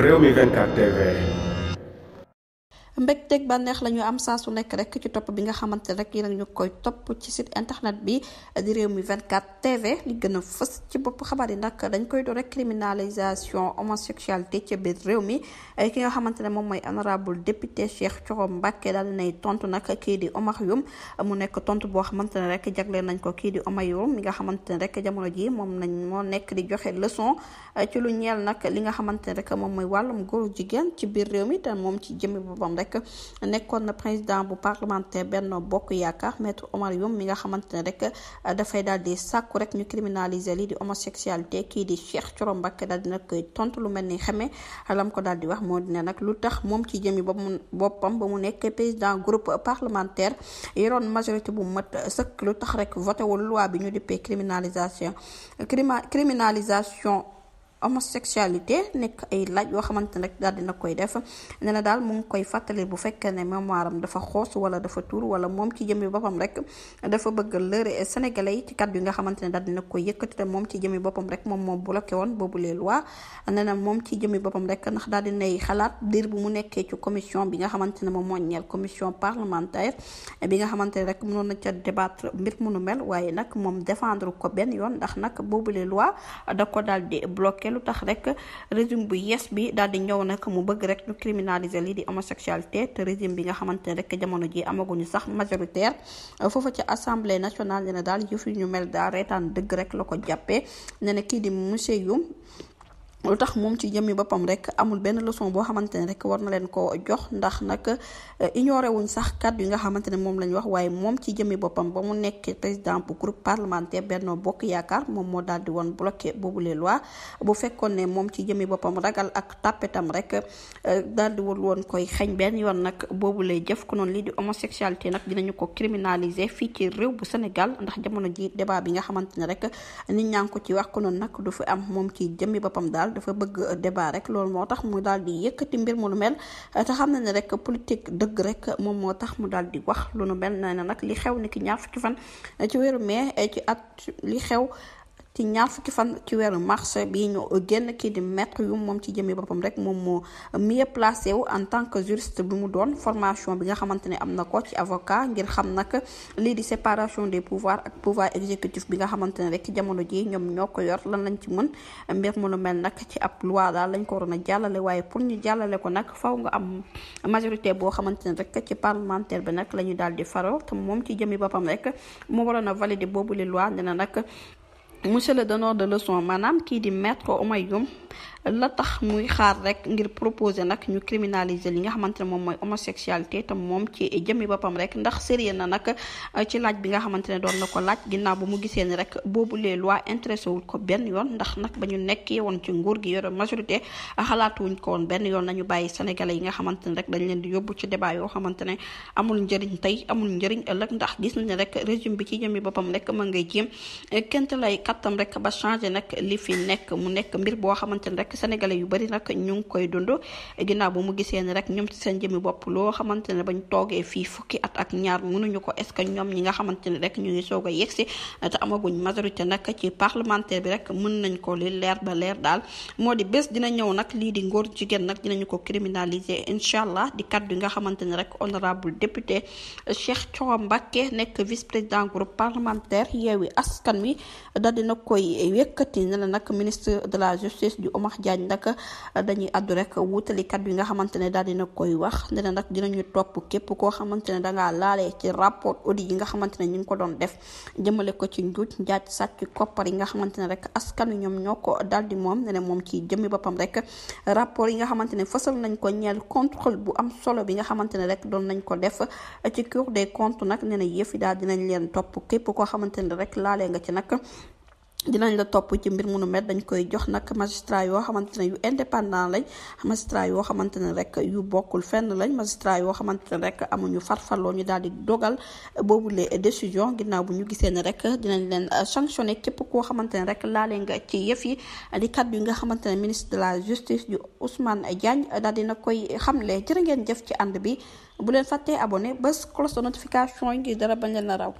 réew mi 24 TV mbégteeg bànneex la ñu am saa su nekk rek ci topp bi nga xamante ne rek yéen a ñu koy topp ci site internet bi di réew mi 24 TV li gën a fës ci bopp xabaar yi nag dañ koy door rek criminalisation homosexualité ci biir réew mi ki nga xamante ne moom mooy honorable député Cheikh Thioro Mbacké daal dinay tontu nag kii di Omar Youm mu nekk tontu boo xamante ne rek jagleel nañ ko kii di Omar Youm mi nga xamante ne rek jamono ji moom nañ moo nekk di joxe leçon ci lu ñeel nag li nga xamante rek moom mooy wàllum góor jigéen ci biir réew mi te moom ci jëmmi boppam rek rek nekkoon na président bu parlementaire Benno Bokk Yaakaar maître Omar Youm mi nga xamante ne rek dafay daal di sàkku rek ñu criminaliser lii di homosexualité kii di Cheikh Thioro Mbacké daal di nag tontu lu mel ni lam ko daal di wax moo dina nag lu tax moom ci jëmi boppam boppam ba mu nekk président groupe parlementaire yoroon majorité bu mat sëkk lu tax rek voté wul loi bi ñu dippee criminalisation criminalisation homosexualité nek ay laaj yo xamantene rek dal dina koy def neena dal mu ngi koy fàttali bu fekkee ne mémoiram dafa xoos wala dafa tour wala moom ci jëmmi boppam rek dafa bëgg et sénégalais yi ci kàddu yi nga xamantene dal dina koy yëkkati te moom ci jëmmi boppam rek moom moo bloqué woon boobu les lois neena na moom ci jëmmi boppam rek ndax daal dinay xalaat dir bu mu nekkee ci commission bi nga xamantene ne moom moo ñeel commission parlementaire bi nga xamantene rek mënoon na ca débattre mbir mënu mel waaye nag moom défendre ko benn yoon ndax nag boobu les lois da ko dal di bloqué lu tax rek régime bu yees bi daal di ñëw nag mu bëgg rek ñu criminaliser lii di homosexualité te régime bi nga xamante ne rek jamono ji amaguñu sax majoritaire foofu ci assemblée nationale dina daal yëf yu ñu mel daal reetaan dëgg rek la ko jàppee kii di monsieur lu tax moom ci jëmmi boppam rek amul benn leçon boo xamante ne rek war na leen ko jox ndax nag euh, ignoré sax kat yi nga xamante ne moom lañ wax waaye moom ci jëmmi boppam ba mu nekk président bu groupe parlementaire Benno Bokk Yaakaar moom moo daal di woon bloqué boobule loi bu fekkoon ne moom ci jëmmi boppam ragal ak tàppetam rek euh, daal di wul woon koy xeñ benn yoon nag boobule jëf ko noonu lii di homosexualité nag dinañu ko criminaliser fii ci réew bu Sénégal ndax jamono ji débat bi nga xamante ne rek nit ñaa ngi ko ci wax ko noon nag du fi am moom ci jëmmi boppam daal daal dafa bëgg débat rek loolu moo tax mu daal di yëkkati mbir mu nu mel te xam na ne rek politique dëgg rek moom moo tax mu daal di wax lu nu mel ne na nag li xew ni ki ñaar fukki fan ci weeru mee e ci at li xew ci ñaar fukki fan ci weeru mars bi ñu génn kii di maître yu moom ci jëmee boppam rek moom moo mieux placé wu en tant que juriste bi mu doon formation bi nga xamante ne am na ko ci avocat ngir xam nag lii di séparation des pouvoirs ak pouvoir exécutif bi nga xamante ne rek jamono ji ñoom ñoo ko yor lan lañ ci mën mbir mu lu mel nag ci ab loi daal lañ ko waroon a jàllale waaye pour ñu jàllale ko nag faw nga am majorité boo xamante ne rek ci parlementaire bi nag la ñu daal di faro te moom ci jëmee boppam rek moo waroon a valider boobu li loi nee na nag monsieur le donneur de leçon maanaam kii di maître Oumar Youm la tax muy xaar rek ngir proposer nag ñu criminaliser li nga xamante ne moom mooy homosexualité te moom ci jëmmi boppam rek ndax sérieux na nag euh, ci laaj bi nga xamante ne doon na ko laaj ginnaaw ba mu gisee ni rek boobu les lois intéressé ko benn yoon ndax nag ba ñu woon ci nguur gi yore majorité xalaatuwuñ ko benn yoon nañu bàyyi sénégalais yi nga xamante ne rek dañ leen di yóbbu ci débat yoo xamante ne amul njëriñ tey amul njëriñ ëllëg ndax gis nañ rek régime bi ci jëmmi boppam rek ma ngay jéem euh, kent lay kattam rek ba changé nag li fi nekk mu nekk mbir boo xamante ne rek rek yu bari nag ñu ngi koy dund ginnaaw boo mu gisee ni rek ñoom ci seen jëmi bopp loo xamante ne bañ toogee fii fukki at ak ñaar mënuñu ko est ce que ñoom ñi nga xamante ne rek ñu ngi soog a yegsi te amaguñ majorité nag ci parlementaire bi rek mën nañ ko li leer ba leer daal moo di bés dina ñëw nag lii di ngóor jigéen nag dinañu ko criminaliser incha allah di kaddu yi nga xamante ne rek honorable député Cheikh Thioro Mbacké nekk vice président groupe parlementaire Yewwi Askan Wi dal dina koy yëkkati ne la nag ministre de la justice du jaaj nag dañuy àddu rek wutalikat bi nga xamante ne daal dina koy wax ne nag dinañu topp képp koo xamante ne dangaa laalee ci rapport audit yi nga xamante ne ñu ngi ko doon def jëmale ko ci njuuj njaaj sàcc koppar yi xamante ne rek askan wi ñoom ñoo ko daal di moom ne ne moom ci jëmmi boppam rek rapport yi xamante ne fësal nañ ko ñeel contrôle bu am solo bi nga xamante ne rek doon nañ ko def ci Cour de comptes nag ne na yëf yi daal dinañ leen topp képp koo xamante ne rek laalee nga ci nag dinañ la topp ci mbir mu nu met dañ koy jox nag magistrat yoo xamante ne yu indépendant lañ magistrat yoo xamante ne rek yu bokkul fenn lañ magistrat yoo xamante ne rek amuñu farfarloo ñu daal di dogal boobule décision ginaaw bu ñu gisee ne rek dinañ leen sanctionné képp koo xamante ne rek laale nga ci yëf yi di kàddu yi nga xamante ne ministre de la justice yu Ousmane Diagne daal dina koy xamle jërë ngeen jëf ci ànd bi bu leen fàttee abone bés cloche de notification yi ngir dara ba leen a raw.